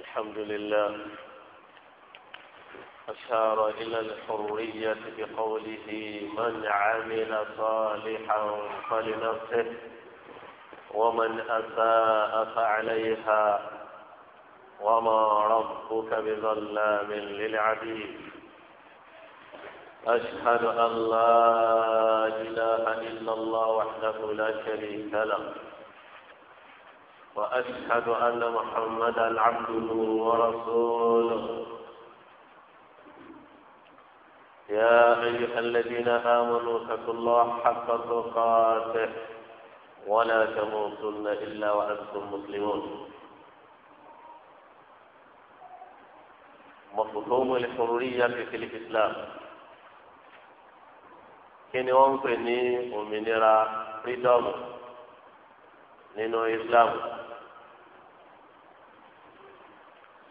الحمد لله أشار إلى الحرية بقوله من عمل صالحا فلنفسه ومن أساء فعليها وما ربك بظلام للعبيد أشهد أن لا إله إلا الله وحده لا شريك له وأشهد أن محمدا عبده ورسوله يا أيها الذين آمنوا اتقوا الله حق تقاته ولا تموتن إلا وأنتم مسلمون مفهوم الحرية في الإسلام كني wọ́n ń pè ní òmìnira freedom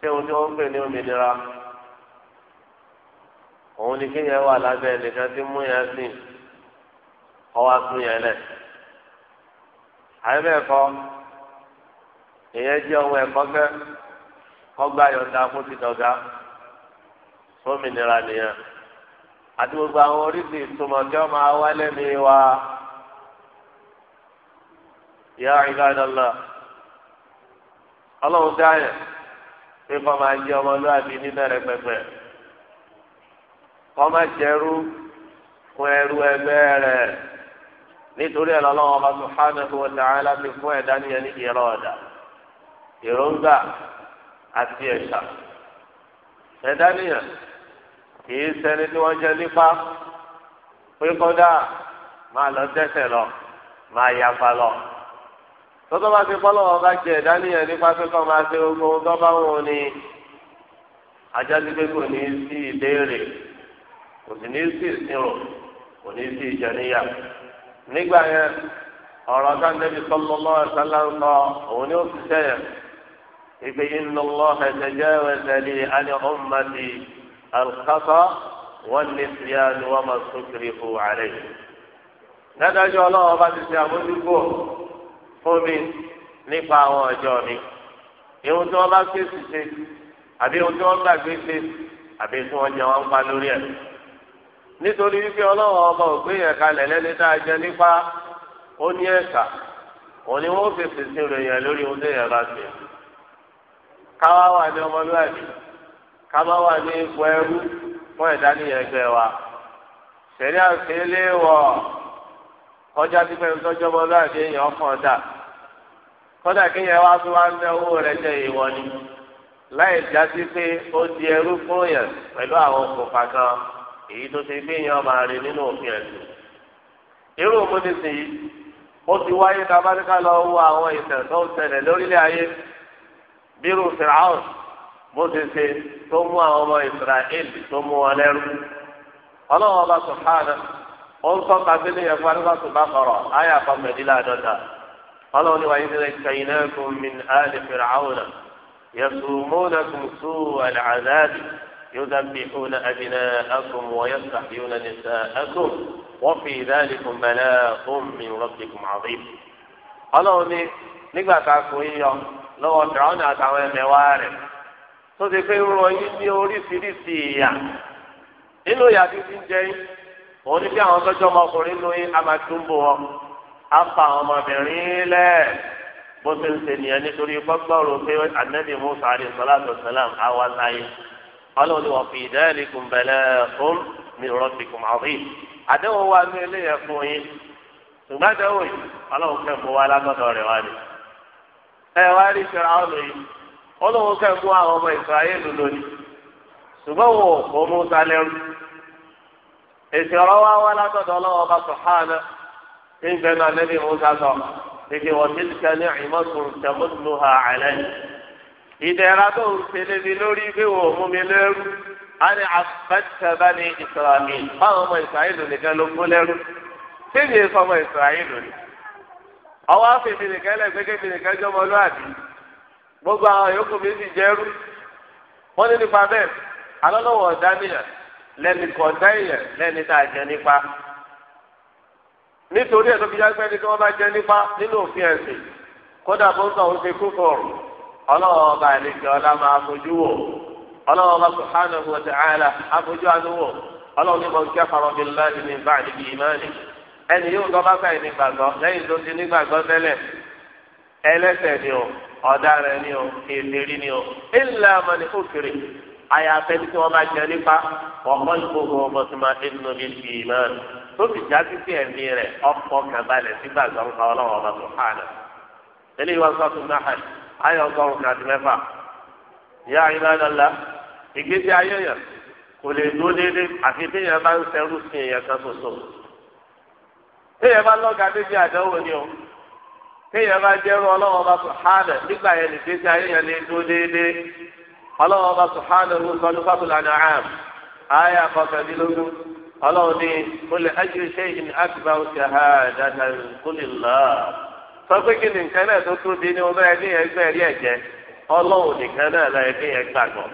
ṣé ohun tí wọ́n ń pè ní òmìnira òun ni kéèyàn wà lábẹ́ ẹnìkan tí mú yẹn sìn ọwọ́ sún yẹn lẹ̀ àyẹ̀bẹ̀ẹ̀kọ́ èyàn jẹ́ ohun ẹ̀kọ́ fẹ́ kọ́gbá yọ̀ǹda fún ti dọ̀gá sómìnira nìyẹn àti gbogbo àwọn oríṣi ìtumọ̀ tí wọ́n máa wá wa ìgbà dọ̀là ọlọ́run pé kọ́ máa jẹ́ ọmọlúwàbí níbẹ̀rẹ̀ pẹ̀pẹ̀ kọ́ máa jẹ́rú fún ẹrú ẹgbẹ́ rẹ̀ nítorí ẹ̀ lọ́lọ́wọ́ bá subhanahu wa ta'ala fi fún ẹ̀dá nìyẹn ní ìrọ̀ ọ̀dà èròǹgbà àti ẹ̀ṣà ẹ̀dá nìyẹn kìí ṣẹni tí wọ́n jẹ nípa pé kọ́dà máa lọ tẹ́sẹ̀ lọ máa yapa lọ tọ́tọ́ bá ti fọ́lọ́ ọba jẹ ẹ̀dá nìyẹn nípa pé kọ́ máa ṣe gbogbo ohun tó bá wọn ni ajásí pé kò ní sí ìbéèrè kò sì ní sí ìsinrò kò ní sí ìjẹniyà nígbà yẹn ọ̀rọ̀ sáńdẹ́bí sọ́lọ́lọ́ ẹ̀sánlá ń sọ òun ni ó ti sẹ́yẹ̀ ìpè ìnulọ́ ẹ̀sẹ̀ jẹ́ ẹ̀sẹ̀ ní àní ọ̀mọ́tì àlùkásọ́ wọ́n ní ni wọ́n máa sókèrè fún àárẹ̀. dájájọ́ ọlọ́wọ́ bá ti ṣe àmójúkò. fún nípa àwọn ọjọ́ mi ihun tí wọ́n bá fèsì ṣe àbí ihun tí wọ́n gbàgbé ṣe àbí tí wọ́n jẹ wọ́n ń pa lórí ẹ̀ nítorí wípé ọlọ́wọ́ ọba òpin yẹn kalẹ̀ lẹ́ni tá a jẹ nípa ó ní ẹ̀ka òun ni wọ́n fèsì sí lórí ohun tí bá ṣe káwá wà ní ọmọlúwàbí káwá wà ní ipò ẹrú fún kódà kéèyàn wá tó wá ń náwó rẹ̀ jẹ́ ìwọ ni láì jásí pé ó di ẹrú fún yẹn pẹ̀lú àwọn òkùnfà kan èyí tó ti gbé yẹn máa rí nínú òfin ẹ̀sìn. irú ó ti wáyé lọ wo àwọn ìtàn tó ń lórílẹ̀ ayé bírú bó ti ṣe tó mú àwọn ọmọ tó mú ọlọ́run ní wàyí nílẹ̀ ṣàyìnàkùn min àlè fìràwùnà yasumunakum su alàzáàdì يذبحون أبناءكم ويستحيون نساءكم وفي ذلك بلاء من ربكم عظيم ọlọ́run ní nígbà tá a kò yín yọ lọ́wọ́ fìràwọn àtàwọn ẹ̀mẹ̀wá rẹ̀ tó ti pé rọ yín ní oríṣiríṣi ìyà nínú ìyà tí ti ń jẹ yín òun ní bí àwọn tọ́jú ọmọkùnrin lóyún á máa túbọ̀ wọn afa ọmọbìnrin lẹ bó ṣe ń ṣe nìyẹn nítorí gbọgbọrò pé anabi musa alayhi salatu wasalam awa sáyé ọlọ́run ni wọ́n fi dhalikum bala'un min rabbikum azim àdéhùn wa ní ilé fún yín ṣùgbọ́n àdéhùn yìí ọlọ́run kẹ́ wa lágbọ́dọ̀ rẹ̀ wá ni. ẹ wá rí ìṣẹ̀rẹ̀ àwọn yìí ọlọ́run kẹ́ àwọn ọmọ Ísírẹ́lì lónìí ṣùgbọ́n wò ó mú sálẹ́rù nígbà náà lẹ́bi musa sọ èdè wọ́n ti ka ní ìmọ̀tún tẹ̀mọ́tún ha àlẹ́ ìdẹ̀ra tó ń ṣẹlẹ̀ mi lórí bí wọ́n mú mi lẹ́rú ani abẹ́tẹ̀bá ní ìsirahìn báwọn ọmọ ìsirahìn nìkan ló kó lẹ́rú síbi èso ọmọ ìsirahìn lónìí ọwọ́ àfẹ́mi nìkan lẹ́gbẹ́gẹ́ mi nìkan jọmọ lóàbí gbogbo àwọn yòókù mi sì jẹ́rú wọ́n ní nípa bẹ́ẹ̀ alọ́lọ́wọ́ ọ̀dá nìyẹn lẹ́nu kọ̀ọ̀dá yẹn lẹ́ni tá a jẹ nípa nítorí ẹ̀ tó fi jágbé ẹni tí wọ́n bá jẹ́ nípa nínú òfin ẹ̀sìn kódà bó ń sọ òun ṣe kú fọ̀rọ̀ ọlọ́wọ́ ọba àlejò ọlá máa fojú wò ọlọ́wọ́ ọba subhanahu wa ta'ala afojú àánú wò ọlọ́wọ́ ní mọ̀nkí afárọ̀ bí láti ní bá àdìbí ìmáàlì ẹni yóò gbọ́ bá fẹ́ ní lẹ́yìn tó ti ní tẹ́lẹ̀ ẹlẹ́ṣẹ̀ ni o ọ̀daràn ni o èmèrè ni o ilẹ̀ amani òkèrè àyàfẹ́ tí wọ́n bá jẹ nípa ọ̀pọ̀ ìgbòho máa ń nù tó fi já sí sí ẹ̀mí rẹ̀ ọkọ̀ kàbalẹ̀ sígbà gbọ́n kan ọlọ́wọ́ ọba tó hàn. eléyìí wá sọ́tù náà ayọ̀ ọgọ́rùn-ún mẹ́fà. ìyá ìbádọ́lá ìgbésí ayé yẹn kò lè dúró déédé àfi bí yẹn bá ń sẹ́rù sí kan bí bá lọ́ga àdánwò o ọba nígbà yẹn ìgbésí ọlọ́run ní olè ajé ṣe ìní àtibá oṣù àdáda kólélá sọ kí ni nǹkan náà tó di ní ọmọ ẹni ẹgbẹ́ rí ẹ̀jẹ̀ ọlọ́run nìkan náà lọ ẹni ẹgbàgbọ́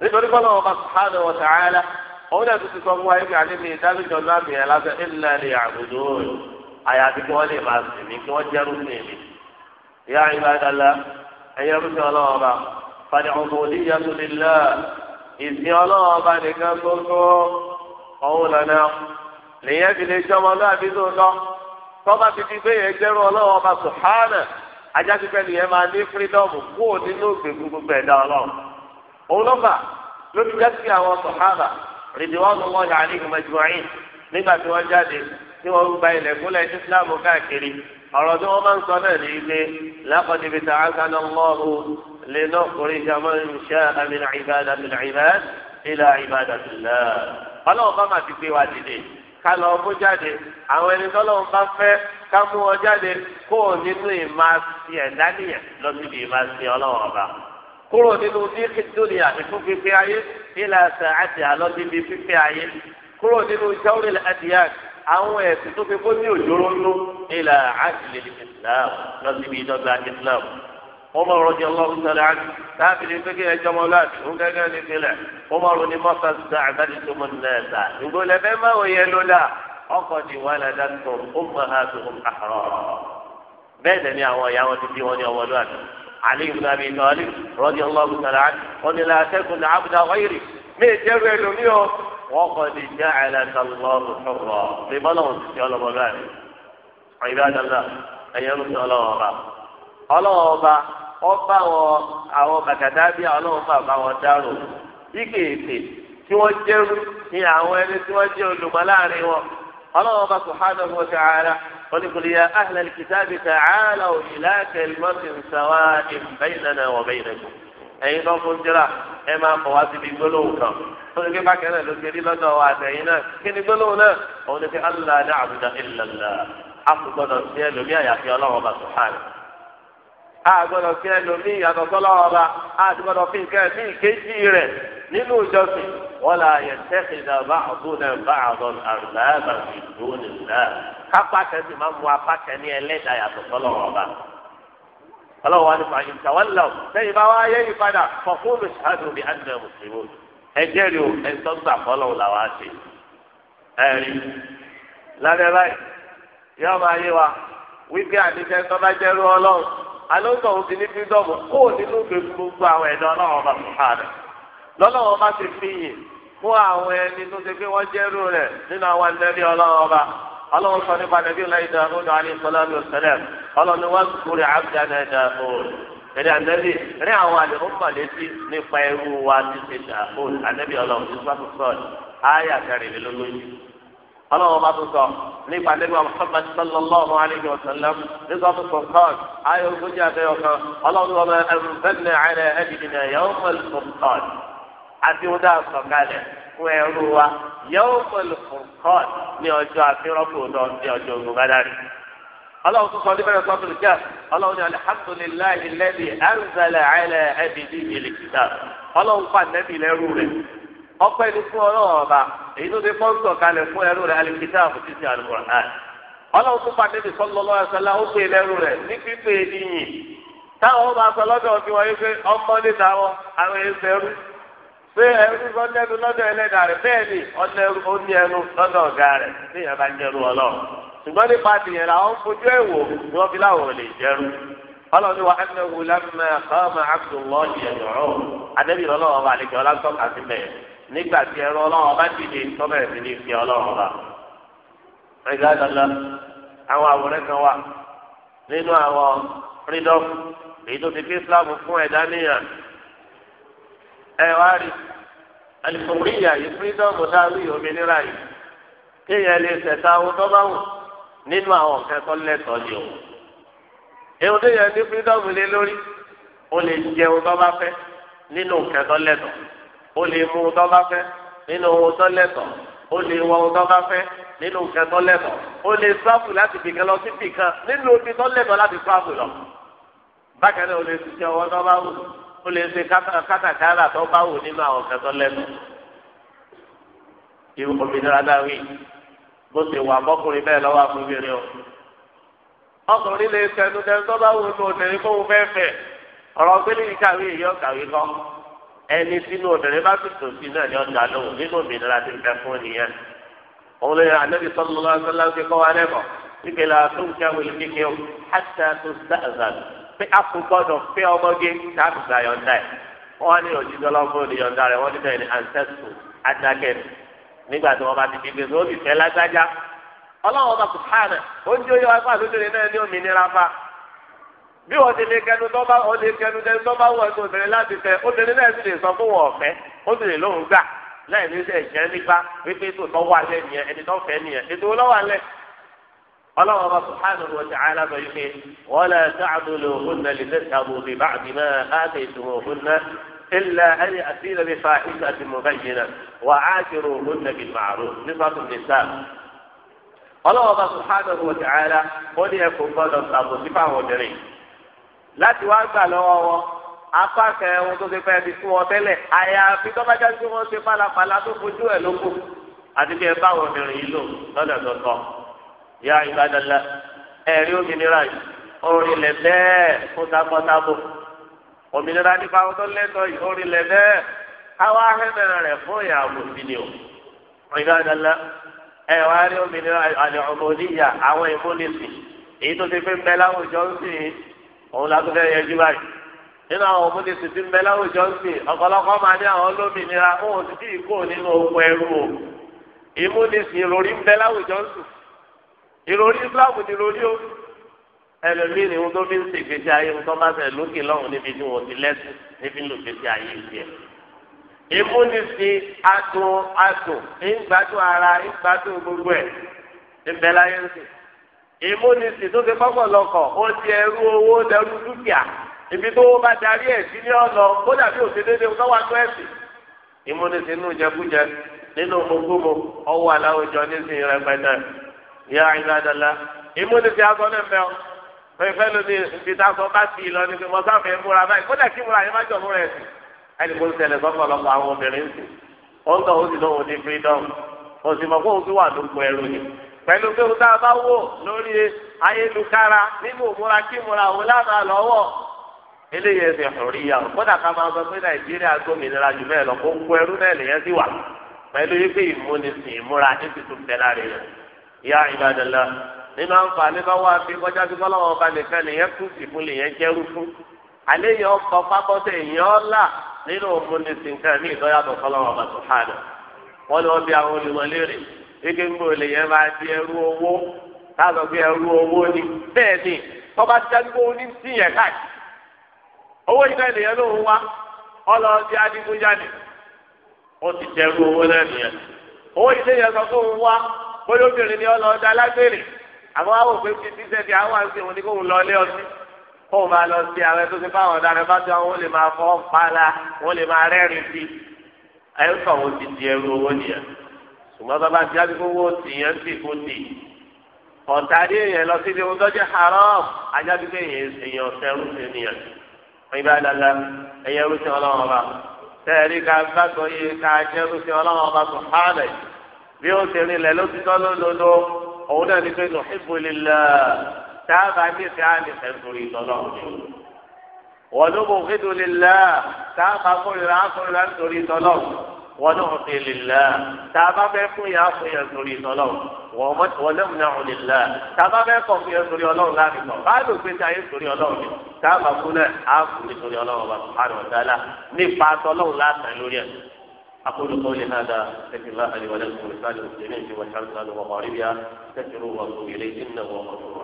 nítorí bọ́lá wọn sùhánù wọn sàáyálá òun náà ti sọ fún wa yìí àti mi ìdálójọ náà bìyẹn lásán ìlànà àbùdó àyàfi kí wọ́n lè máa mí kí wọ́n jẹ́rú sí mi. ìyá qawlana nìyẹn fi lè jọmọ lọ́àbí tó lọ tọ́ba ti fi gbéyẹn jẹ́rú ọlọ́wọ́ ọba sùhánà ajá ti fẹ́ nìyẹn máa ní fírídọ́ọ̀mù kúrò nínú gbègbè gbogbo ẹ̀dá ọlọ́run òun ló fà lórí jẹ́sí àwọn sùhánà ridwanullahi alaihim ajma'in nígbà tí wọ́n jáde tí wọ́n gba ilẹ̀ islam káàkiri ọ̀rọ̀ tí wọ́n máa ń sọ náà ní ilé laqad ibta'athana Allahu linukhrija ọlọ́run bá máa ti gbé wa dìde ká lọ mú jáde àwọn ẹni tọ́lọ́run bá fẹ́ ká mú wọn jáde kó o nínú ìmá sí ẹ̀dá nìyẹn lọ síbi ìmá sí ọlọ́run ọba kúrò nínú díkì dúnìyà ìfún fífẹ́ ayé ilà ẹsẹ̀ àti àlọ́ níbi fífẹ́ ayé kúrò nínú ìjáwérè adìyàn àwọn ẹ̀sìn tó fi kó ní òjòrò ńlọ ilà àti lè Islam lọ síbi ìdọ́gba Islam عمر رضي الله تعالى عنه تابل فكي يا جمولات وكان يقول عمر لما استعبدتم الناس يقول بما ويلولا أقد ولدتهم أمهاتهم أحرارا بدني يا يا ودي وني أولاد علي بن أبي طالب رضي الله تعالى عنه قل لا تكن عبد غيري مي تبعلو ميو وقد جعلك الله حرا ببلغ يا الله عباد الله أيام الله الله الله ọba wọn àwọn bàtàdá bí ọlọ́run bàbá wọn dárò ike ètè tí wọ́n jẹ́rú ní àwọn ẹni tí wọ́n jẹ́ olùmọ̀ láàrin wọn ọlọ́run bá subhanahu ara ta'ala oníkùnrin yà wa baynakum ẹ̀yin tó fún jìrà ẹ máa síbi gbólóhùn kan náà ló rí lọ́dọ̀ wa àtẹ̀yìn náà kí ni gbólóhùn náà ni sí ẹlòmíà àgbọ̀dọ̀ fi ẹlòmíì yàtọ̀ sọ́lọ́wọ́ ọba àgbọ̀dọ̀ fi nǹkan ẹ̀mí ìkejì rẹ̀ nínú ìjọsìn wọ́n la yẹ tẹ́kìdà bá àbúrò bá àdán àrùbáàbà ìdúró nìlá kápá kẹsì máa mú apá kẹni ẹlẹ́dà yàtọ̀ sọ́lọ́wọ́ ọba. ọlọ́wọ́ ni fàáyì ìtawọ́lá sẹ́yìn bá wá yẹ ìpadà fọ̀kúrú ṣáàdùn bí adìrẹ mùsùlùmí ẹjẹ́ rí o ẹ̀ńtọ́ gbà fọ́lọ́ làwọn á ṣe. ẹ̀rí lábẹ́ báyìí yọ́ọ́ máa yé wa wípé àdìsẹ́ tọ́ bá jẹ́rú ọlọ́run alóńtọ̀ òun ti ní fídọ́ọ̀mù kó o nínú gbèsè gbogbo àwọn ẹ̀dá ọlọ́wọ́ bá tó fà rẹ̀ lọ́lọ́wọ́ bá ti fi yìn fún àwọn ẹni tó ṣe pé wọ́n jẹ́rú rẹ̀ nínú àwọn ẹlẹ́rìí ọlọ́wọ́ bá ọlọ́wọ́ sọ nípa nàbí ọláyé dàrúdà aláìsọ̀lámi ọ̀sẹ̀lẹ̀ ọlọ́run bá tún sọ nípa nígbà Muhammad sallallahu alayhi wa sallam nígbà tó sọ kọ́ọ̀t ayé ogójì àtẹ̀yọ̀ kan ọlọ́run tó bẹ ẹnfẹ́nẹ̀ àrẹ ẹ̀dìdìnà yẹ̀wò pẹ̀lú kọ́ọ̀t àti wọn dáa sọ kalẹ̀ fún ẹrú wa yẹ̀wò pẹ̀lú kọ́ọ̀t ní ọjọ́ àfihàn ọ̀dọ́ ní ọjọ́ ogun bàdàrí. ọlọ́run tó sọ nípa ẹ̀rọ sọ́tún ìjà ọlọ́run ọpẹ́ ni fún ọlọ́run ọba èyí tó ti pọ́ńtọ̀ kalẹ̀ fún ẹrú rẹ̀ alikita àbùtítì alukur'an ọlọ́run tó pàdé ti sọ́lọ́ lọ́wọ́ ẹ̀sọ́lá ó pè lẹ́rú rẹ, ní pípé ìyìn táwọn ọba sọ lọ́dọ̀ ọmọ àwọn pé ẹrú sọ lẹ́nu lọ́dọ̀ ẹlẹ́dà bẹ́ẹ̀ ni ó ní ẹnu lọ́dọ̀ ọ̀gá bí ewu nígbà tí ẹrọ ọlọ́run ọba dìde tọ́bẹ̀rẹ̀ sí ní fi ọlọ́run ọba. ẹ̀gá dọ́lá àwọn àwòrán kan wà nínú àwọn freedom èyí tó ti fi Islam fún ẹ̀dá níyàn. ẹ wá rí alìkòwéyà yìí freedom dáwí òmìnira yìí kéèyàn lè ṣẹ̀ta ohun tó bá wù nínú àwọn kẹ́kọ̀ọ́ lẹ́tọ̀ọ́ ni o. èèyàn tó yẹ ní freedom lé lórí o lè jẹun tó bá fẹ́ nínú kẹ́kọ̀ọ́ lẹ́tọ̀ọ́ ó lè mú un tọ́ba fẹ́ nínú ohun tó lẹ́tọ̀ ó lè wọ ohun tọ́ba fẹ́ nínú nǹkan tó lẹ́tọ̀ ó lè sáfù láti bìkan lọ sí bìkan nínú omi tó lẹ́tọ̀ láti sáfù lọ. bákan náà ó lè ṣiṣẹ́ ọwọ́ tó bá wù ó lè ṣe kátàkárà tó bá wù nínú àwọn nǹkan tó lẹ́tọ̀. irú òmìnira bó ṣe wà mọ́kùnrin bẹ́ẹ̀ lọ́wọ́ àfúnbìnrin o. ọkùnrin lè ṣẹnu ẹni sínú obìnrin bá fi tòsí náà ni ọjà lóhùn nínú òmìnira ti fẹ́ fún nìyẹn òun lè ra anabi sọlọ lọ sọlọ ń kọ wa lẹkọ níbi la tó ń kẹwé kéke o hàtà tó sàzàn pé a kò gbọ́dọ̀ pé ọmọge tàbí gba yọ̀ǹda ẹ wọn ní òjijì ọlọmọ ní yọ̀ǹda rẹ wọn níbẹ̀ ní ancestral adakẹni nígbà tí wọn bá ti dìgbè sọ ó lágbájá ọlọ́wọ́n bá kò hànà ó ń jó yọ apá àlójúre bí wọ́n ti lè kẹnu tó bá wọ́n lè kẹnu tẹ́ tó bá wọ́n ẹ̀kọ́ obìnrin láti fẹ́ obìnrin náà sì lè sọ fún wọn ọ̀fẹ́ ó sì lè lóhùn gbà láì ní sẹ́ ẹ̀jẹ̀ nípa wípé tó tọ́ wà lẹ́ nìyẹn ẹni tó fẹ́ nìyẹn ètò ọlọ́wà lẹ̀ ọlọ́wọ́n bá subhanahu wa ta'ala sọ yìí pé wọ́n lè sàdúlò hunna lè fẹ́ sàbò bí báàbí náà á lè tún hunna ilà ẹni àti ilẹ̀ nípa ìgbà tí mo bá yìí náà bá subhanahu wa ta'ala ó ní ẹ̀kọ́ gbọ́dọ̀ sàbò sí fáwọn obìnrin láti wá gbà lọ́wọ́ wọn apá kan ohun tó ti fẹ́ fi fún wọn tẹ́lẹ̀ àyàfi tó bá já sí wọn ṣe pálapàla tó fojú ẹ̀ lóko àti bí ẹ bá wọn mìíràn yìí lò lọ́dọ̀ tó tọ́ yá ìbádọ́lá ẹ̀rí òmìnira yìí orin lẹ̀ bẹ́ẹ̀ kó tabọ́tabọ́ òmìnira nípa àwọn tó lẹ́tọ̀ yìí orin lẹ̀ bẹ́ẹ̀ káwá hẹ́mẹ̀rẹ̀ rẹ̀ fún ìyàwó sí ìbádọ́lá ẹ̀ rí òmìnira òun la tó fẹ́ yẹjú báyìí nínú àwọn òmùdí tuntun ń bẹ láwùjọ ń sìn ọ̀pọ̀lọpọ̀ máa ní àwọn olómìnira òun ti tí ì kó nínú oko ẹrú o ìmúnisìn ìròrí ń bẹ láwùjọ ń sùn ìròrí Islam ni ìròrí o ẹlòmíì ni wọn tó fi ń ṣe ìgbésí ayé wọn tó bá fẹ́ lókè lọ́hùn níbi tí wọn ti lẹ́sùn níbi ń lo ìgbésí ayé tiẹ̀. ìmúnisìn atún atún ìgbádùn ara ìgbádùn gbogbo ẹ̀ ń bẹ láyé ń sìn ìmúnisìn tó ti kọ́kọ́ lọkọ̀ ó ti ẹrú owó dẹrú dúkìá ibi tó bá darí ẹ̀ sí ní ọ̀nà kó dàbí òṣèlédè tó wà tó ẹ̀sìn ìmúnisìn nù jẹkújẹ nínú ogúnmu ọwọ́ aláwùjọ nísìnyí rẹpẹtẹ yá ìgbàdàlá ìmúnisìn aṣọ náà fẹ́ ọ fẹ́ fẹ́ lómi ibi tá a sọ bá sí i lọ ní pé mo sáfẹ́ múra báyìí kó dà kí múra yẹn má jọ múra ẹ̀sìn ẹni kó ń ṣẹlẹ̀ sọ́kọ̀lọ́kọ̀ àwọn obìnrin ń sìn ó ń tọ́ ó sì lóun ní freedom ó sì mọ̀ kó òun tún wà lóko pẹ̀lú pé òun tá a bá wò lórí ayélujára nínú òmúra kí múra òun lábàá lọ́wọ́ eléyìí ẹsẹ̀ ọ̀rí ya o kódà ká máa sọ pé nàìjíríà gómìnira jù bẹ́ẹ̀ lọ kó kó ẹrú náà lèyẹn sí wà pẹ̀lú yìí pé ìmúnisìn ìmúra ní ti tún tẹ́lá rẹ̀ yẹn ìyá ìbàdàlà nínú àǹfààní bá wà bí kọjá sí kọ́lọ́wọ́ ọba nìkan lèyẹn kú sí fún lèyẹn jẹ́rú fún alẹ́ yẹn ọkọ̀ pápọ́sẹ̀ yẹn ọ̀la nínú ìmúnisìn kan ní ìtọ́yàtọ̀ kọ́lọ́wọ́ ọba ike ń bò lè yẹn máa di ẹrú owó káàtó pé ẹrú owó ni bẹ́ẹ̀ ni ọba ti dájú ní sí yẹn káàkiri owó yìí ká ènìyàn lòun wá ọlọ́ọ̀dì adigunjalè ó ti dẹrú owó náà nìyẹn owó yìí lèyàn sọ pé òun wá bóyá obìnrin ni ọlọ́ọ̀dì alágbèrè àmọ́ wá wò pé kí tíṣẹ́ àwọn àti òun ni kò ń lọ ilé ọtí kó o máa lọ sí àwọn ẹgbẹ́ tó báwọn ọ̀daràn bá tó àwọn olè máa fọ́ pààlà wọ́n lè máa rẹ́rìn sí ẹ̀rù kan ó ti di ẹrú owó nìyẹn ṣùgbọ́n bàbá ti àbí kó wó tìyẹn ń tìkú tì ọ̀tá dé èèyàn lọ sí ibi ohun tó jẹ́ haram ajábí pé èèyàn fẹ́rù sí ènìyàn wọ́n ibà dada ẹ̀yẹ rúṣin ọlọ́run ọba tẹ́ẹ̀rí ká gbàgbọ́ yé ká jẹ́ rúṣin ọlọ́run ọba tó hálẹ̀ bí ó ṣe rinlẹ̀ ló ti tọ́ lódodo òun náà ní pé nù ìbòlélà táàbà nífẹ̀ẹ́ ànífẹ̀ẹ́ torí ìtọ́lọ́run wọ́n ló bò fídùlélà táàbà kórìíra kórìíra nítorí ìtọ́lọ́run. ونعطي لله تابا بيكو يا أخي يزوري الله ونمنع لله تابا بيكو يزوري الله لا بيكو قالوا بيتا يزوري الله تابا كنا عفو يزوري الله سبحانه وتعالى نفات الله لا تعلوني أقول قولي هذا أستغفر الله لي ولكم ولسائر المسلمين في والحمد لله ومغاربها استغفروه وأتوب إليه إنه هو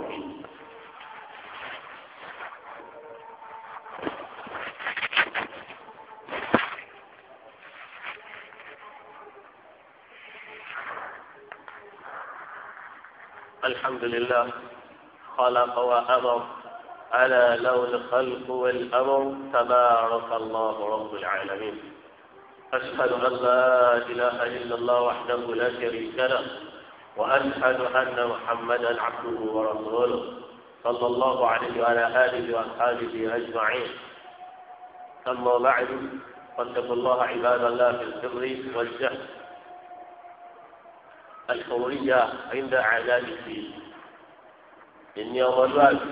الحمد لله خلق وأمر ألا لو الخلق والأمر تبارك الله رب العالمين أشهد أن لا إله إلا الله وحده لا شريك له وأشهد أن محمدا عبده ورسوله صلى الله عليه وعلى آله وأصحابه أجمعين أما بعد فاتقوا الله عباد الله في السر والجهل alifawuriya ayinda alaalifi èmi ọmọlúwàbí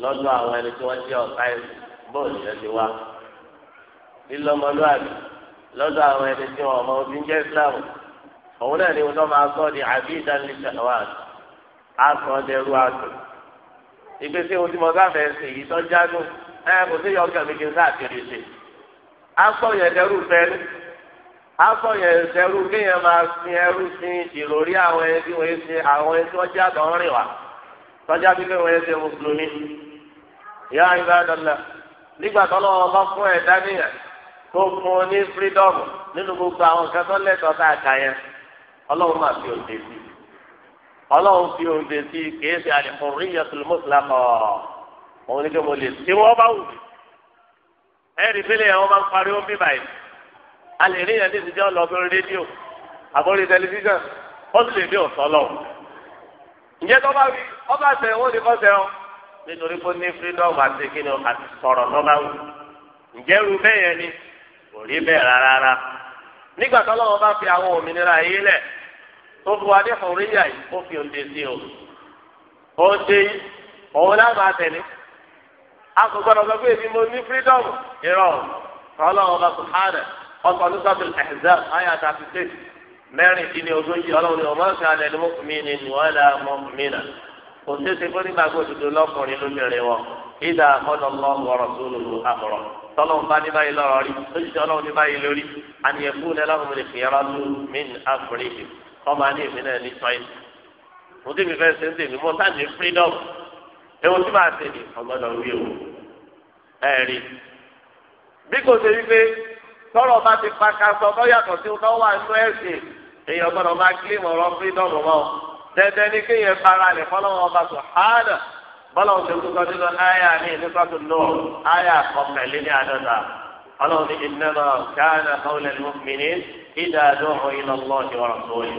lọ́dọ̀ àwọn ẹni tí wọ́n jẹ́ ọ̀tá ẹ̀sìn bọ́ọ̀lù yẹn ti wá lílọ ọmọlúwàbí lọ́dọ̀ àwọn ẹni tí wọ́n ọmọ òbí ń jẹ́ islam òun náà ni wọ́n máa sọ di àbí ìdánilẹ́sẹ̀wá àtọ̀ọ́dẹ́rú àtọ̀ ìgbésí ohun tí mo sáfẹ́ ṣe yìí tọ́jú àánú ẹ kò sí yọ ọkàn mi kí n sáà kiri ṣe á sọ yẹn dẹrú fẹ́ẹ́ afọyẹ ẹrú kéèyàn máa sin ẹrú sin ìròrí àwọn ẹni tí wọn ṣe àwọn ẹni tí wọn jẹ àtọ rìn wá tọjá bí pé wọn ṣe mùsùlùmí ìyá ìbádọlá nígbà tó lọ́wọ́ bá fún ẹ̀dá nìyẹn tó fún un ní fírídọ́mù nínú gbogbo àwọn nǹkan tó lẹ́tọ̀ọ́ tá a kà yẹn ọlọ́run máa fi òde sí ọlọ́run fi òde sí kìí ṣe àdìfọ̀rí yẹtùlù mùsùlùmí ọ̀ọ́ òun ni kí mo lè tí wọ́n bá wù mí ẹ̀rí pélé yẹn wọ́n máa ń pariwo bí báyìí. a lè rí yẹn níbi jẹ́ ọlọ́ọ̀bẹ rédíò àbórí tẹlifíṣàn ó sì lè dé sọlọ lọ. ǹjẹ́ tó bá wí ọba tẹ owó ni kò nítorí pé ní freedom àti kíni àti sọ̀rọ̀ tó bá wù. ǹjẹ́ irú bẹ́ẹ̀ yẹn ni kò rí bẹ́ẹ̀ rárá. nígbà tó lọ́wọ́ bá fi àwọn òmìnira yìí lẹ̀ tó yìí fi òde sí o. òde yìí òun náà máa a kò gbọ́dọ̀ sọ pé èmi mo ní freedom ìrọ̀ bá ọsàn ní sọ́tún ẹ̀hẹ́dẹ́m ayé àtàkì tẹ́tì mẹ́rin kí ni ogójì ọlọ́run ní ọmọ ọ̀sán alẹ́ ní mọ́kùnmíìnì níwọ̀lá mọ́kùnmíìnà kò tẹ́tì fún nígbà gbòdodo lọ́kùnrin lómìnirin wọn ìdá àkọ́dọ̀ lọ́wọ́ rọ̀sọ́lù àmọ̀rọ̀ tọ́lọ́run bá ní báyìí lọ́rọ̀ rí lójijì ọlọ́run ní báyìí lórí àníyẹ̀kú ní ẹlọ́run lè fi yàrá lù mí àfúrẹ́kì bí kò ṣe wípé tọrọ bá ti pa kasọ tó yàtọ̀ sí tó wà nínú ẹ̀sìn èèyàn gbọ́dọ̀ máa kílè mọ ọ̀rọ̀ freedom mọ dẹdẹ ní kéèyàn fara lè fọlọwọn ọba sọ hánà bọlọwọn tó kúkọ nínú àyà ní ìdíkọtù nù àyà kọkànlé ní àdọta ọlọ́run ní ìnáwó káàdà kọlẹ lómìnì ìdá àdó ọyìn lọlọ ìwọrọ tó yẹ.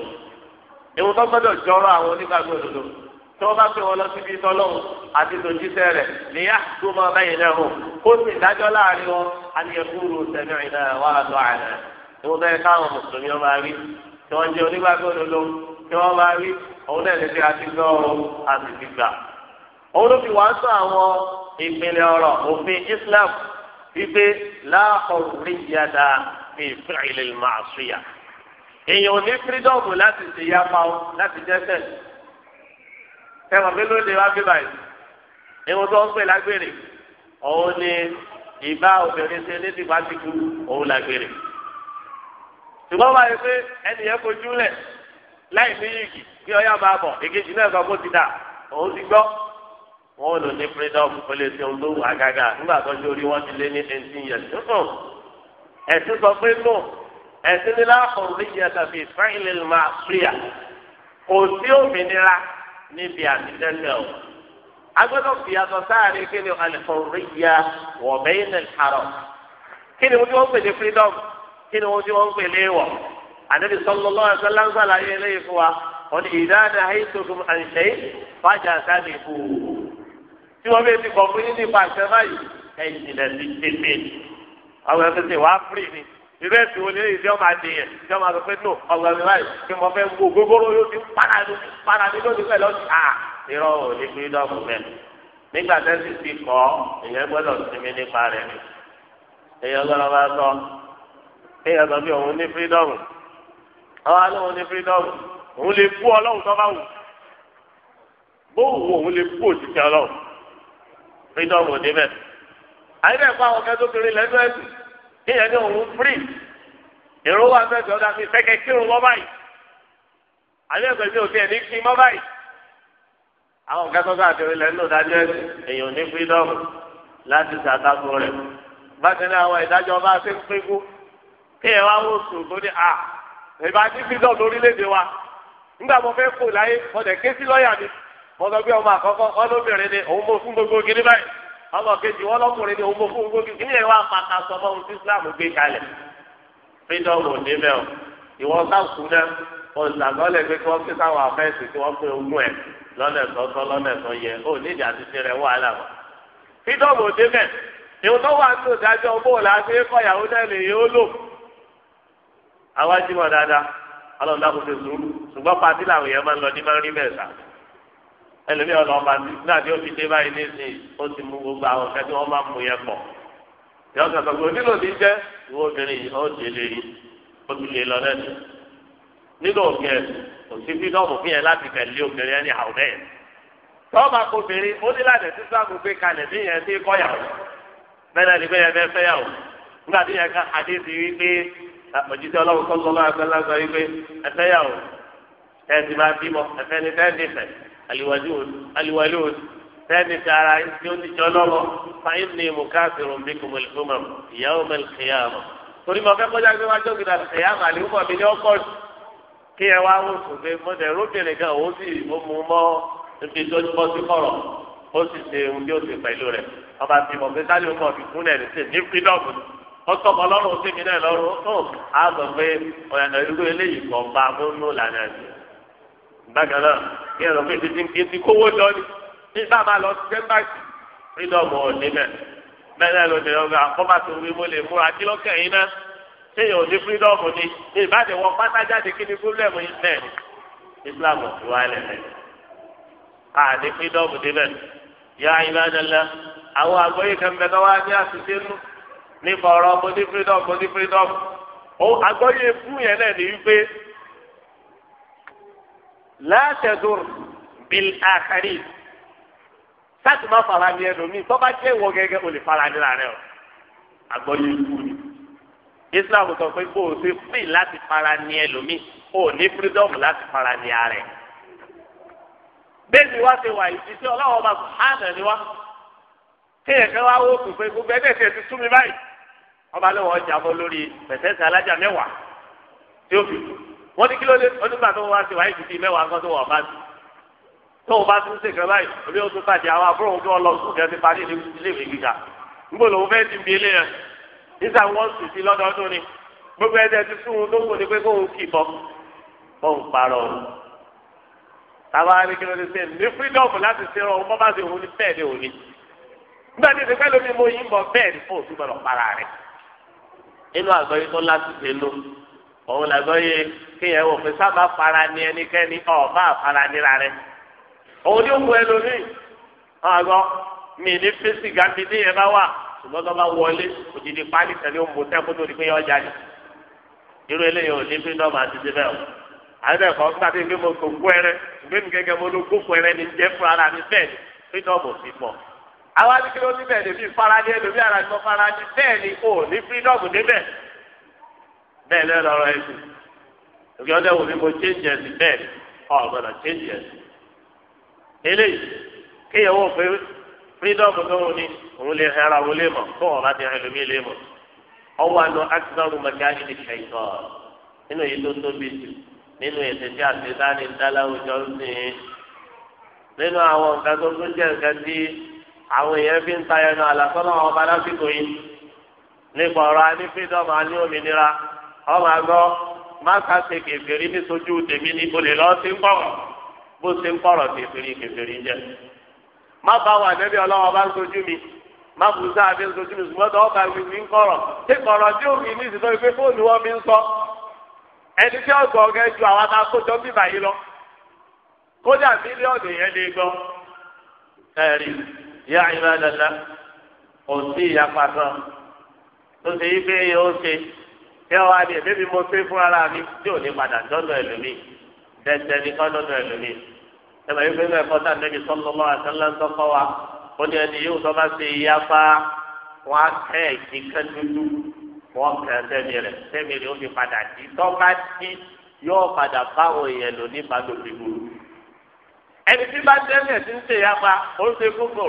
ìwọ tó gbọ́dọ̀ jọrọ àwọn onígbàgbọ́ òdodo tí wọ́n bá pè wọ́n lọ síbi tọ́lọ́hún àti tòjíṣẹ́ rẹ̀ níyà tó máa bẹ́yìn náà hù kó sì dájọ́ láàrin wọn aliyakuru sẹ́mi ìlà wà lọ àná tí wọ́n bẹ́ẹ̀ káwọn mùsùlùmí wọn máa rí tí wọ́n jẹ́ onígbàgbọ́ lolo tí wọ́n máa rí òun náà lè fi àti gbọ́ ọ àti fi gbà. òun ló fi wá sọ àwọn ìpìlẹ̀ ọ̀rọ̀ òfin Islam wípé láàkọ̀rù tẹmọ pé lóde wá bí báyìí ewu tó ń pè lágbèrè òun ni ìbá obìnrin ṣe ní tìpá ti kú òun lágbèrè ṣùgbọ́n wáyé pé ẹnì yẹn fojú lẹ̀ láì ní yìgì kí ọyá máa bọ̀ èkejì náà sọ fún ti dà òun ti gbọ́ wọn ò lò ní freedom ó lè ṣe ohun tó wù àgàgà nígbà tó ṣe orí wọn ti lé ní eighteen years ẹ̀sìn sọ pé nù ẹ̀sìn ní láàpọ̀ orí yẹn tàbí fáìlì máa ṣúyà kò sí òmìnira níbi àtijọ́lẹ̀ o agbọ́dọ̀ fi yàtọ̀ sáàrin kí ni alifọ̀rìyà wọ̀ bẹ́yìn ní àrọ̀ kí ni wọ́n ti wọ́n pè ní freedom kí ni wọ́n ti wọ́n pè ní wọ̀ àdébí sọlọ́lọ́ ẹ̀sẹ̀ lánṣàlá yẹn lẹ́yìn fún wa wọ́n ní ìdáná àìsòkùn àìṣe fàjà sáàdì kù tí wọ́n bẹ́ẹ̀ ti kọ̀ fún yín nípa àṣẹ báyìí ìrẹsì wo ni èyí tí wọn máa di yẹn tí wọn máa sọ pé no ọgbà mi báyìí kí wọn fẹ́ wo gbogbooro yóò ti para ní para ní lónìí pẹ̀lú ọtí à irọ́ ò ní kí ló fún bẹ́ẹ̀ nígbà tẹ́sí ti kọ́ èyàn gbọ́dọ̀ sinmi nípa rẹ̀ ni èyàn gbọ́dọ̀ bá sọ èyàn sọ bí òun ní fírídọ́mù ọwọ́ alóhùn ní fírídọ́mù òun lè kú ọlọ́run tó bá wù bóun òun lè kú òtítẹ́ ọlọ́run fírídọ́mù ò kéèyàn ní òun firi èrò wa fẹ́ fi ọ̀dà mi fẹ́kẹ́ kírun lọ báyìí àlẹ́ ẹ̀gbẹ́ mi ò tiẹ̀ ní kí mọ́ báyìí àwọn kẹ́kọ̀ọ́ káàkiri lẹ́ ní ìdájọ́ èèyàn ní fídọ́ọ̀mù láti ṣàtàkùn rẹ̀ bákan náà àwọn ìdájọ́ bá ṣe ń pínkú kéèyàn wá wò sùn tó ní à ìbá ní fídọ́ọ̀mù lórílẹ̀‐èdè wa nígbà mo fẹ́ láyé mo tẹ̀ ké sí lọ́ọ̀yà mi mo sọ pé ọmọ àkọ́kọ́ ni òun mo ọmọ kejì wọn lọkùnrin ní owó fún owó kìkì ní ẹwà pàtà sọmọ ohun tí islam gbé kalẹ̀ freedom ò ní mẹ ìwọ sáàkú náà olùsàgọ́lẹ̀ pé kí wọ́n fi sáwọn afẹ́sì tí wọ́n pé ogún ẹ̀ lọ́nà ẹ̀sọ́tọ́ yẹ ó nídìí àtúnṣe rẹ̀ wà láwà. freedom ò ní mẹ ìwọ tó wà nínú ìdájọ́ bó o láti kọ́yàwó náà lè yẹ ó lò. àwa jí mọ̀ dáadáa ọlọ́run dákun ti sùúrù ṣùgbọ́n patí làwọn èèyàn máa ń lọ ní máa ń rí bẹ́ẹ̀ ẹlòmí ọ̀nà ọba nígbà tí ó fi dé báyìí nísìnyí ó ti mú gbogbo àwọn kẹ́kẹ́ wọn máa mú yẹn pọ̀ yọ sọ̀tọ̀ pé onílò ní jẹ́ ìwọ obìnrin yìí ó ti lè ó ti lè lọ lẹ́nu nínú òkè òsì fídọ́ọ̀mù fún yẹn láti tẹ̀lé obìnrin ẹni àwọn bẹ́ẹ̀ tọ́ọ̀bà obìnrin ó ní láti tún sáà gbogbo kalẹ̀ bí yẹn ti kọ́ yàwó bẹ́ẹ̀ ni bẹ́ẹ̀ bẹ́ẹ̀ fẹ́ yàwó nígbà yẹn ká adé ti wí pé òjijì ọlọ́run kọ́ lọ́wọ́ ẹgbẹ́ aliwaliwon aliwaliwon sẹ́ni tààrà tí ó ti jọ lọ́wọ́ fáyín ní mukafirun bí kumul umam yawm al-qiyamah torí mo fẹ́ kọjá pé wájú òkè náà kìyàmù àlùkò mi ní ọkọ̀ kí ẹ wá wò sùn pé mo dẹ̀ róbìnrin kan òun sì mú mọ́ níbi tó bọ́ sí kọ̀rọ̀ ó sì ṣe ohun tí ó ṣe pẹ̀lú rẹ̀ ọba tí mo fi sáré ọkọ̀ fi kún ẹ̀ ṣe ní fídọ́ọ̀mù ọtọ́ ọlọ́run sí mi náà lọ́rùn ó àgbọ̀ pé ọ̀yàn bákan náà kí ẹ lọ pé ti ti ti kówó jọ ni bí bàbá lọ sí sẹ́ńbàṣì freedom ọ̀nìmẹ̀ bẹ́ẹ̀ náà lọ gba kọ́ba tó wí mo lè múra kí lọ́kàn yín náà téèyàn ò ní freedom ni ìbáde wọn pátá kí ni problem yín bẹ́ẹ̀ ni Islam ti wá lẹ̀ bẹ́ẹ̀ a ní freedom débẹ̀ yá ìbádọ́lá àwọn àgbọ̀yé kan bẹ tó wá ní àṣìṣe nù nípa ọ̀rọ̀ mo ní freedom mo ní freedom látẹ̀dùn bíl àkàrí sáàtì má fara ní ẹlòmíì tó bá jẹ́ ìwọ gẹ́gẹ́ o lè fara ní ra rẹ o àgbọ̀yé ikú ni Islam sọ pé kó o ṣe free láti fara ní ẹlòmíì o ní freedom láti fara ní ara rẹ bẹ́ẹ̀ni wá ṣe wà yìí ṣe ọlọ́wọ́ bá sùhánà ni wá kéèyàn kan wá wó kù pé gbogbo ẹgbẹ́ ìṣe ti sún mi báyìí ọba lọ́wọ́ ọjà lórí pẹ̀sẹ́sì alájà mẹ́wàá tí ó fi kù wọ́n ní kí ló dé onígbà tó wá sí wáyé ti di mẹ́wàá kan tó wà bá ti tó o bá tún ṣe kẹrẹ báyìí orí o bàjẹ́ àwọn àbúrò òun kí wọ́n lọ sùn kẹ́ ti parí ilé ìwé gíga nígbò lòun fẹ́ ti ń bi ilé yẹn nígbà wọ́n sì ti lọ́dọọdún ni gbogbo ẹ̀jẹ̀ ti sún un tó kù ni pé kóun kì í bọ́ bọ́un parọ́ o táwa ní kí ló dé sẹ́ ní fídọ́ọ̀mù láti ṣe ọ bọ́ bá ṣe òun ní bẹ́ẹ̀ ni òun ni nígbà tí ìṣẹ́pẹ́ lómi mo yín bọ̀ bẹ́ẹ̀ ni fóòtù gbọ́dọ̀ para rẹ̀ inú àgbáyé tó láti ṣe lóhùn òun làgbọ́ yẹ kéèyàn wò pé sábà fara ni ẹnikẹ́ni ọ̀ọ́bá fara nira rẹ. òun ní òkú ẹlòmíì ọ̀gọ́ mi ní fèsì gàmí ní yẹn bá wà ṣùgbọ́n tó bá wọlé òjijì pálí tẹ̀lé òun mọ̀tẹ́ kó tó di pé yọ ni. irú eléyìí ò ní fi máa ti débẹ̀ o. àyẹ̀dẹ̀ kan gbà tí mo kò kú ẹrẹ ìgbé mi gẹ́gẹ́ mo ló kó kú ẹrẹ ni jẹ́ fún ara mi bẹ́ẹ̀ ni freedom ò fi pọ̀. àwa ní kí ní bẹ́ẹ̀ ni bí bẹ́ẹ̀ lẹ́ lọ́rọ̀ ẹ̀sìn òkè ọdẹ wo ni mo change ẹ̀sìn bẹ́ẹ̀ ọ̀ gbọ́dọ̀ change ẹ̀sìn eléyìí kéèyàn wò pé freedom tó wù ní òun lè hẹ́ra òun lè mọ̀ tó wọn bá ti hẹ́ lómi lè mọ̀ ọwọ́ àná akitọ́rù mẹ́ta ní ṣẹ̀yìnkọ́ nínú èyí tó tóbi jù nínú ètè tí àtẹ̀dáni dáláwùjọ ń sìn nínú àwọn nǹkan tó tún jẹ́ nǹkan tí àwọn èèyàn fi ń tayọ náà àlàkọ́ náà wọn lásìkò yìí nípa ọ̀rọ̀ a ní freedom a ní òmìnira. ọmọ àgọ́ má maka ṣe kèfèrí ní sojú tèmi ní olè lọ sí ń kọ̀rọ̀ bó ṣe ń kọ̀rọ̀ kèfèrí kèfèrí jẹ. má bá wà nẹ́bí ọlọ́wọ́ bá ń sojú mi má bù sáà bí ń sojú mi ṣùgbọ́n tó ọba mi ní ń kọ̀rọ̀ ṣé kọ̀rọ̀ tí ní ìsìtọ́ fóònù wọn mi ń sọ ẹni tí ju àwọn bíbà yìí lọ kódà mílíọ̀nù ẹ wá ní ẹbí mi mo fẹ́ fún ara mi tí ò ní padà dọ́dọ̀ ẹlòmíì tẹ̀sẹ̀ ní kọ́ dọ́dọ̀ ẹlòmíì ẹ bá yẹ fẹ́ fẹ́ kọ́tà nẹ́bí sọ́lọ́lọ́ àtẹ́lẹ́ ńtọ́kọ́ wa ó ní ẹni yóò tọ́ bá ṣe ya fa wọn kẹ́ ẹ̀kí kẹ́ dúdú wọn kẹ́ sẹ́mi rẹ̀ sẹ́mi rẹ̀ ó fi padà dí tọ́ka dí yóò padà báwọn èèyàn lò ní balùwẹ̀ gbòòrò ẹni tí bá dẹ́sẹ̀ ti ń ṣe ya fa ó ń ṣe kókò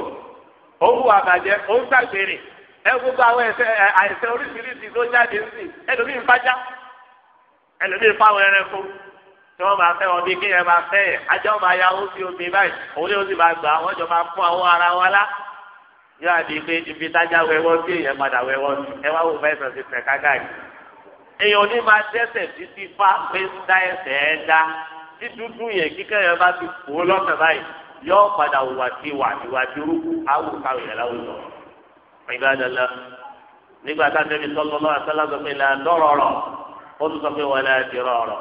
ó ń wà bàjẹ́ ó ń ṣàgbèrè ẹ gbogbo àwọn ẹsẹ àìsẹ oríṣiríṣi tó jáde sí ẹlòmíín fájá ẹlòmíín fáwọn ẹranko tí wọn máa fẹ wọn bí kéèyàn máa fẹ yẹ ajá máa ya owó sí omi báyìí òun ni ó sì máa gbà wọn jọ máa fún àwọn ara wọn lá yóò àbí pé ibi tájá wẹwọ sí èèyàn padà wẹwọ sí ẹ wá wò mẹsàn sí fẹ kága yìí èèyàn ní máa dẹ́ṣẹ̀ títí fá pé ń dá ẹsẹ̀ ẹ dá tí dúdú yẹn kíkẹ́ yẹn bá ti kó lọ́sẹ̀ báyìí yóò padà wùwà sí wà ìwà tí orúkú á wù káwé yẹn láwùjọ. عباد الله tá a tẹ́lẹ̀ sọ́kọ́ lọ́wọ́ àtàlà sọ pé لا ó tún sọ pé wọ́n lè dìrọ̀rọ̀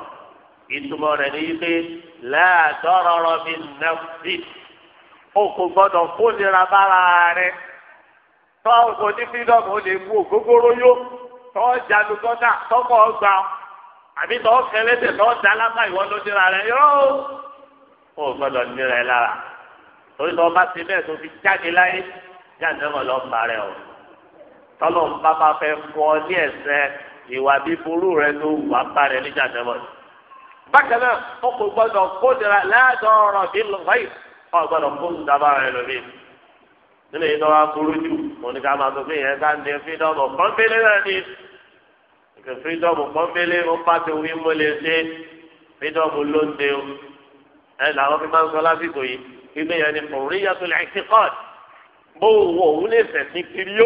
ìtumọ̀ rẹ̀ ní pé làdọ́rọ̀rọ̀ mi nàfẹ́ o kò gbọ́dọ̀ kó nira bára rẹ̀ tọ́ òkò ní fídọ́mù ó lè mú ògógóró yó tọ́ jalu gọ́dà tọ́kọ̀ ọgbà àbí tọ́ kẹlẹ́tẹ̀ ló nira rẹ̀ yó o gbọ́dọ̀ nira ẹ̀ lára torí tọ́ bá ti bẹ́ẹ̀ tó fi jáde láyé jáǹdẹ́mọ̀ lọ parẹ́ o tọ́lọ̀ ń bá bá fẹ́ fọ́ ní ẹ̀sẹ̀ ìwà bíburú rẹ ló wà parẹ́ ní jáǹdẹ́mọ̀ yìí. bákan náà ó kò gbọ́dọ̀ kó dira láàdọ́rọ̀ bí lọ́wọ́yì ó gbọ́dọ̀ kó ń dábàá rẹ lómi. nínú yìí tó wá burú jù oníkà máa tó fi yẹn ká ń de fídọ́mù pọ́npélé náà ni fídọ́mù pọ́npélé ó bá ti wí mọ́ lè ṣe fídọ́mù ló ń de o ẹ làwọn fi máa ń sọ lásìkò yìí ìgbéyàwó ni kò rí yàtọ̀ lẹ́ bó wọ òun lè fẹ̀sìn kiri yó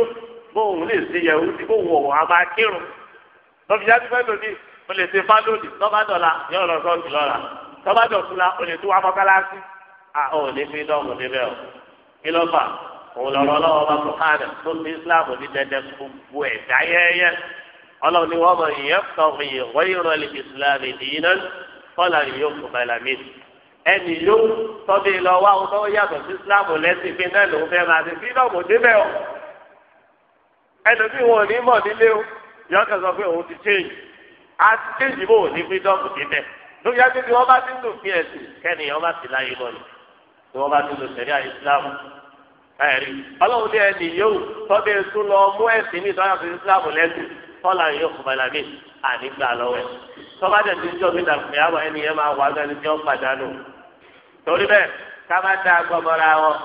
bó òun lè ṣe yẹ̀wò tí bó wọ òun á máa kírun lọ́bi yá dúpẹ́ lòdì o lè ṣe fálódì tọ́ba dọ̀la yóò lọ sọ́ọ̀tì lọ́la tọ́ba dọ̀tula o lè tún wá mọ́kálásí à ò ní fi dọ́ọ̀mù níbẹ̀ o kí ló fà òun lọ́rọ́ lọ́wọ́ bá sọ̀kánẹ̀ tó fi Islam ní dẹ́dẹ́ gbogbo ẹ̀ dáyẹ́yẹ́ ọlọ́run ni wọ́n mọ ìyẹn kọ̀ọ̀yẹ̀ wọ́n yìí rọ̀lì ẹnì yóò tọ́bi lọ wá ọ lọ́wọ́ yàtọ̀ sí islamu lẹ́sìn pé náà lòun fẹ́ máa ṣe fídọ̀mù débẹ̀ o ẹlòmíì wọn ò ní mọ̀ nílé o yọ̀ọ́kẹ́ sọ pé òun ti change a ti change bò ní fídọ̀mù débẹ̀ lórí ẹgbẹ́ tí wọ́n bá ti ń lò fíẹ̀ sí kẹ́nìyàn bá ti láyé lọ yìí tí wọ́n bá ti lò sẹ̀ríà islamu ẹ̀rí ọlọ́run ní ẹnì yóò tọ́bi tún lọ mú ẹ̀sìn ní ìtọ́jú islamu lẹ́sìn kọ́là yóò jọ́ mi dàgbé àwọn ẹnìyẹn máa wà á gbẹ́ni padà nù torí bẹ́ẹ̀ sábà dá agbọ́bọ̀ra wọn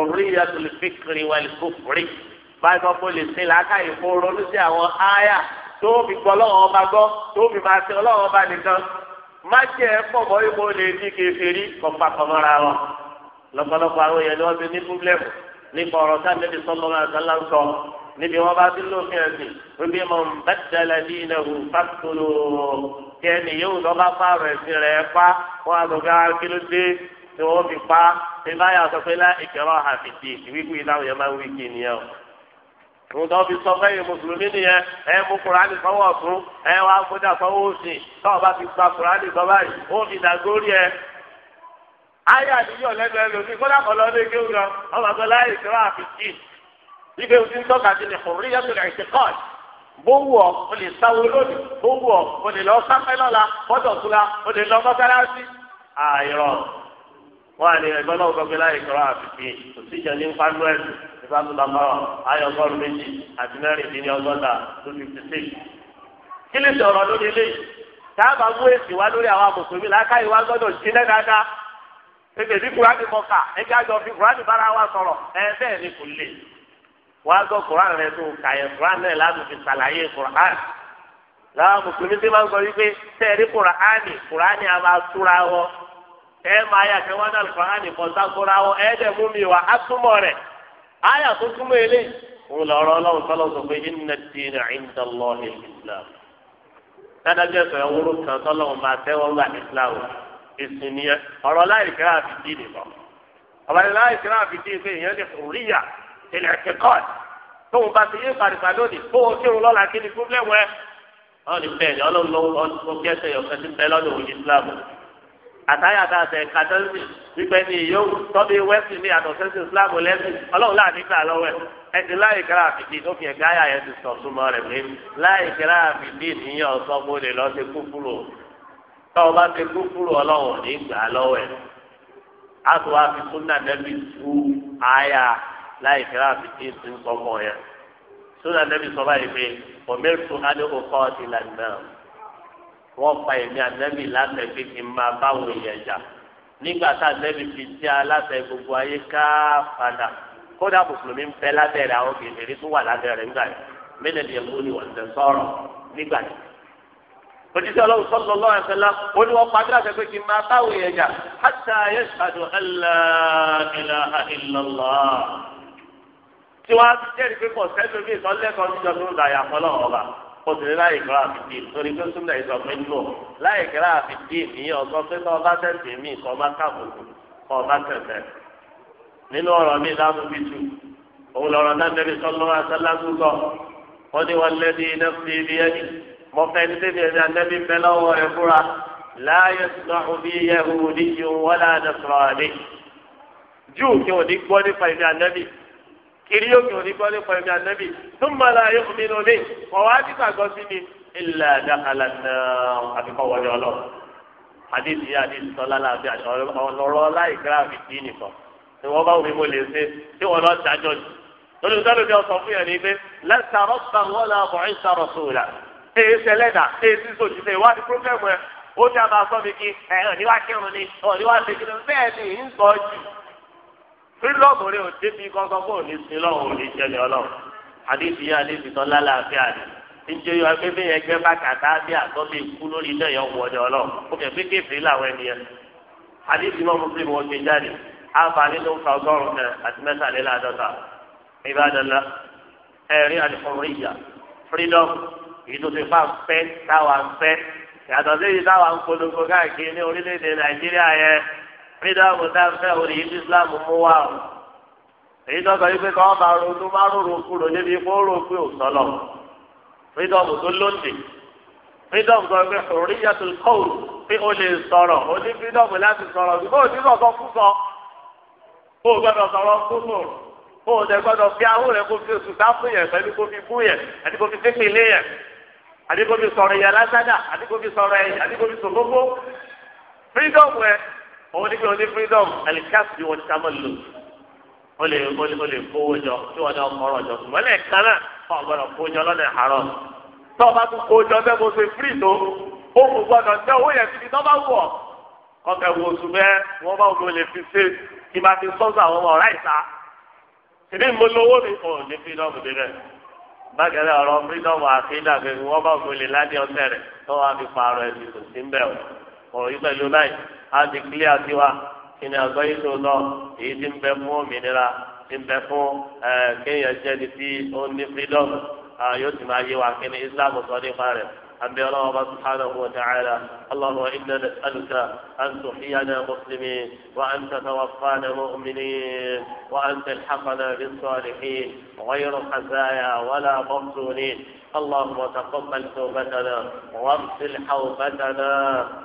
ọ̀rí yàtúlù fíkiri wàlí kófúrí báyìí kọ́ fún lè ṣe làákàyè fún ronú sí àwọn áyà tó fi gbọ́ lọ́wọ́ ọba gbọ́ tó fi máa ṣe ọlọ́wọ́ ọba nìkan má jẹ́ ẹ pọ̀ mọ́ ipò lè di kèfèrí kọ́ pàpọ̀mọ́ra wọn lọ́pọ̀lọpọ̀ àwọn èèyàn ni wọ́n ti ní públẹ̀mù nípa ọ̀rọ̀ sáà níbi wọn bá ti lófin ẹsìn wípé mo ń bẹ́tẹ̀lẹ̀ ní ilẹ̀ wù fásitì kí ẹnì yóò lọ bá fáwọn ẹsìn rẹ̀ pa wọn àtọ̀gá ah, kí ló dé tí wọn fi pa ìbáyà sọ pé lá ìkẹrọ àfìdí ìwíkú ìdáhùn yẹn máa ń wí kí nìyẹn o nǹkan fi sọ fẹ́yìn mùsùlùmí nìyẹn ẹ mú kùránì sọ́wọ́ ọ̀tún ẹ wá gbọ́dọ̀ sọ́wọ́ òsì táwọn bá fi gba kùránì sọ báyìí ó fi dàgórí ẹ ayé àdìyàn lẹ́nu ẹ lòdì kó dàpọ̀ lọ́dún kéwù lọ ọmọ àgbẹ̀ láyé ìkẹrọ àfìdí ife òsì ń tọ́ka sí ni kòrí yàtọ̀ rẹ̀ ti kọ́ bówù ọ o lè sáwó lónìí bówù ọ o lè lọ sáfẹ́ lọ́la bọ́dọ̀ tura o lè lọ mọ́sálásí. àìrọ̀ wọn àlè ẹgbẹ́ náà gbọ́gbẹ́ láyé kọ́ra àfìfì kò sí ìjọ ní nfàlú ẹ̀sìn ìfàlú lamọ́rọ̀ ayọ̀ ọgọ́rùn méjì àti mẹ́rin dín ní ọgọ́ta two fifty six. kí lè sọ̀rọ̀ lórí eléyìí táàbà mú èsì wá lórí àwọn mùsùlùmí làákàyè wá gbọ́dọ̀ sí lẹ́dáadáa ẹgbẹ́ bí kúránì mọ̀ká ẹgbẹ́ àjọ fi kúránì bára wa sọ̀rọ̀ ẹ bẹ́ẹ̀ ni kò lè wàá gbọ́ kuran rẹ tó kàyẹ kuran náà láti fi ṣàlàyé kuran láwọn mùsùlùmí ti máa ń sọ wípé tẹ̀rí kuraani kuraani a máa túra wọ ẹ máa yà kí wọn náà kuraani kọ sákúra wọ ẹ dẹ̀ mú mi wá atúmọ̀ rẹ̀ àyà tó túmọ̀ eléyìí òun lọ̀rọ̀ ọlọ́run tọ́lọ̀ sọ pé inna ad-dina 'inda Allahi al-Islam dáadáa sọ ẹ wúrú kan tọ́lọ́run máa tẹ́wọ́ gbà islam ìsìn ọ̀rọ̀ láì kíra àfi dì ìlẹ̀ ẹ̀kẹ́kọ́t tóun bá ti yé kàrìkà lónìí fowó kírun lọ́la kí ni fúnlẹ̀mù ẹ. wọ́n ní bẹ́ẹ̀ ni ọlọ́run lọ́wọ́ ọdún kẹsẹ̀ ọ̀kẹ́ ti bẹ́ lọ́dọ̀ òun islam. àtàyà tá a sẹ̀ kàtẹ́sì wípé ní ìyóò tọ́bi wẹ́sì ní àtọ̀sẹ́sì islam lẹ́sìn ọlọ́run láàbí gbà lọ́wọ́ ẹ̀. ẹ ti láì kẹ́rà àfìdí tó fi ẹ̀gá ayà yẹn ti sọ súnmọ́ rẹ̀ pé láì kẹ́rà àfìdí nìyẹn ọ̀sán mo lè lọ́ọ́ ti kú kúrò tọ́wọ́ bá lọ́wọ́ ẹ̀. a tó wá fi súnà nẹ́bí tú àyà láì kíra fi kí n ti ń sọmọ yẹn sódà nẹbi sọ báyìí pé ọmọọtò adéhùn kọ́ ọtí lànà wọ́n pa èmi ànẹ́bì láṣẹ pé kí n máa báwọn èèyàn jà nígbà tá ànẹ́bì fi jẹ́ aláṣẹ gbogbo ayé ká padà kódà mùsùlùmí ń bẹ lábẹ́rẹ́ àwọn kèfèrí tó wà lábẹ́rẹ́ ńgbà yẹn mílíọ̀nù yẹn kó ní wọ́n ti sọ̀rọ̀ nígbà yẹn òtítọ́ ọlọ́run sọ́dọ̀ lọ́wọ́ ẹ̀fẹ́ la ó ní wọ́n padà sọ pé kí n máa báwọn èèyàn jà hátà yẹ tí wọ́n á ti jẹ́rìí pé kò sẹ́nu bí ìsọ́lẹ́kọ̀ọ́ níjọ́ tó ń da àyàfọ́ náà ọba o sì ní láyé kíra àfìdí torí pé súnlẹ̀ ìsọ pé lò láyé kíra àfìdí ìyẹn ọ̀sọ́ pé kọ́ ọba tẹ̀sí mi kọ́ ọba káàbùkù kọ́ ọba tẹ̀sẹ̀ nínú ọ̀rọ̀ mi láàbùkù tù òun lọ̀rọ̀ náà tẹ̀lé sọ́lọ́ asálásùkọ̀ wọ́n ní wọn lé ní nẹ́fì ibi ẹni kiri yóò kìí onígbọ́ nípa ẹ̀mí ànábì tó máa la yóò mi nù mí wọ́n wá ní gbàgbọ́ sí mi ilà dàkàlà náà àfikọ́ wọlé ọlọ́ àdéhùn yá àdéhùn sọlá láàbí ọlọ́rọ́ láìkírá àfi tí nìkan ni wọ́n bá wù mí mo lè ṣe tí wọ́n lọ dájọ́ jù olùdarí bí ọsàn fún yẹn ni pé lẹ́sàrọ́ gbà wọ́n lọ àbọ̀ ìsàrọ̀ sóòlà èyí sẹlẹ̀dà èyí sísò jùlọ ìwádìí pírọ́fẹ́mù ẹ̀ ó ní àbá sọ́mi kí ẹ̀ ọ̀ níwá fílọ́ọ̀mù rẹ ò débi kankan fún òní sí lọ́wọ́ òní jẹlẹ̀ ọlọ́run àdébíyá àdébí tán lálàáfíà ni níjẹ́ yọ ẹgbẹ́ ẹgbẹ́ bá kàtá bí àtọ́lé ikú lórí ilé ẹ̀yọ́ wọ̀ọ́dẹ ọlọ́run ó kẹ̀ pé kéfì làwọn ènìyàn àdébí wọn mú fíìmù ọgbẹ jáde àbá nínú nǹkan ọgọ́rùn kan àti mẹ́tàléláàdọ́ta ìbádọ́lá ẹ̀rí àdìfọ̀rọ̀ ìyà freedom èyí tó ti fà ń fẹ́ táwa ń fẹ́ yàtọ̀ sí èyí táwa ń polongo káàkiri nídà àbùdá fẹ́ orí ibi islam mú wá o èyí tó sọ wípé káwọn bá ronú má rò ròkú rò níbi ipò rò pé ò sọlọ freedom tó lóde freedom tó pé òríyá tó kọ́ọ̀rù pé o lè sọ̀rọ̀ o ní freedom láti sọ̀rọ̀ bí o ti sọ̀tọ̀ fún sọ o gbọ́dọ̀ sọ̀rọ̀ fún sọ o ò dẹ̀ gbọ́dọ̀ fi ahó rẹ̀ kó fi oṣù sáfún yẹn pẹ̀lú kó fi fún yẹn àti kó fi fífi lé yẹn àti kó fi sọ̀rọ̀ yẹn lásádà àti kó fi sọ̀rọ̀ yẹn àti kó fi sọ̀gbógbó freedom rẹ̀ òun ní kí wọn ní freedom alikasi wọn ká mọ lò ó lè ó lè ó lè kówó jọ tí wọn náà kọrọ jọ ṣùgbọ́n lẹ́ẹ̀kan náà wọn gbọ́dọ̀ kó jọ lọ́nà àárọ̀ tó o bá tún kó jọ bẹ́ẹ̀ mo ṣe free tó o kò gbọ́dọ̀ tẹ owó yẹn síbi tó bá wù ọ́ kọ́kẹ́ wo oṣù bẹ́ẹ̀ wọ́n bá wù lè fi ṣe kí máa fi sọ́sọ́ àwọn ọmọ ọ̀rá ìta ṣèlú mo lówó mi ò ní freedom débẹ̀ bákẹ́rẹ́ ọ̀rọ̀ freedom àti ìdàgbẹ́ wọ́n bá wù lè ládé ọ̀rọ̀ yìí pẹ̀lú láì á ti kílíà sí wa kí ni àgbáyé tó lọ èyí ti ń bẹ fún òmìnira ti ń bẹ fún kéèyàn jẹ́ni tí ó ní freedom yóò sì máa yé wa kí ni Islam sọ nípa rẹ̀. أبي الله سبحانه وتعالى اللهم إنا نسألك أن تحيينا مسلمين وأن تتوفانا مؤمنين وأن تلحقنا بالصالحين غير خزايا ولا مفتونين اللهم تقبل توبتنا واغسل حوبتنا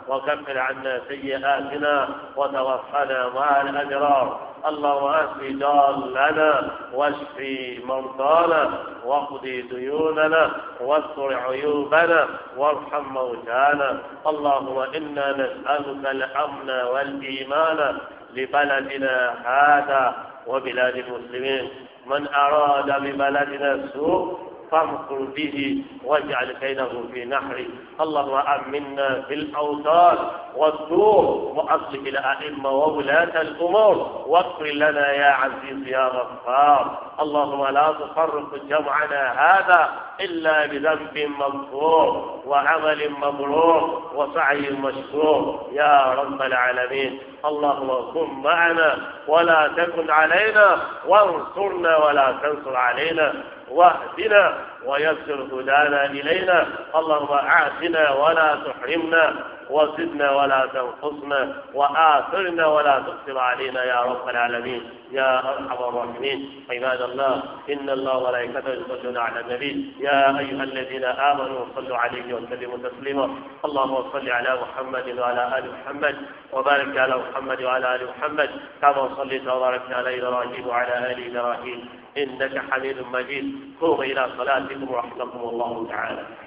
وكفر عنا سيئاتنا وتوفنا مع الأجرار اللهم اشف ضالنا واشف مرضانا واقض ديوننا واستر عيوبنا وارحم موتانا اللهم انا نسالك الامن والايمان لبلدنا هذا وبلاد المسلمين من اراد ببلدنا السوء فامكر به واجعل كيده في نحره اللهم امنا في الاوطان والدور واصلح الائمه وولاه الامور واغفر لنا يا عزيز يا غفار اللهم لا تفرق جمعنا هذا إلا بذنب مغفور وعمل مبرور وسعي مشكور يا رب العالمين اللهم كن معنا ولا تكن علينا وانصرنا ولا تنصر علينا واهدنا ويسر هدانا إلينا اللهم أعتنا ولا تحرمنا وزدنا ولا تنقصنا وآثرنا ولا تقصر علينا يا رب العالمين يا أرحم الراحمين عباد الله إن الله وملائكته يصلون على النبي يا أيها الذين آمنوا صلوا عليه وسلموا تسليما اللهم صل على محمد وعلى آل محمد وبارك على محمد وعلى آل محمد كما صليت وباركت على إبراهيم وعلى آل إبراهيم إنك حميد مجيد قوم إلى صلاتكم ورحمكم الله تعالى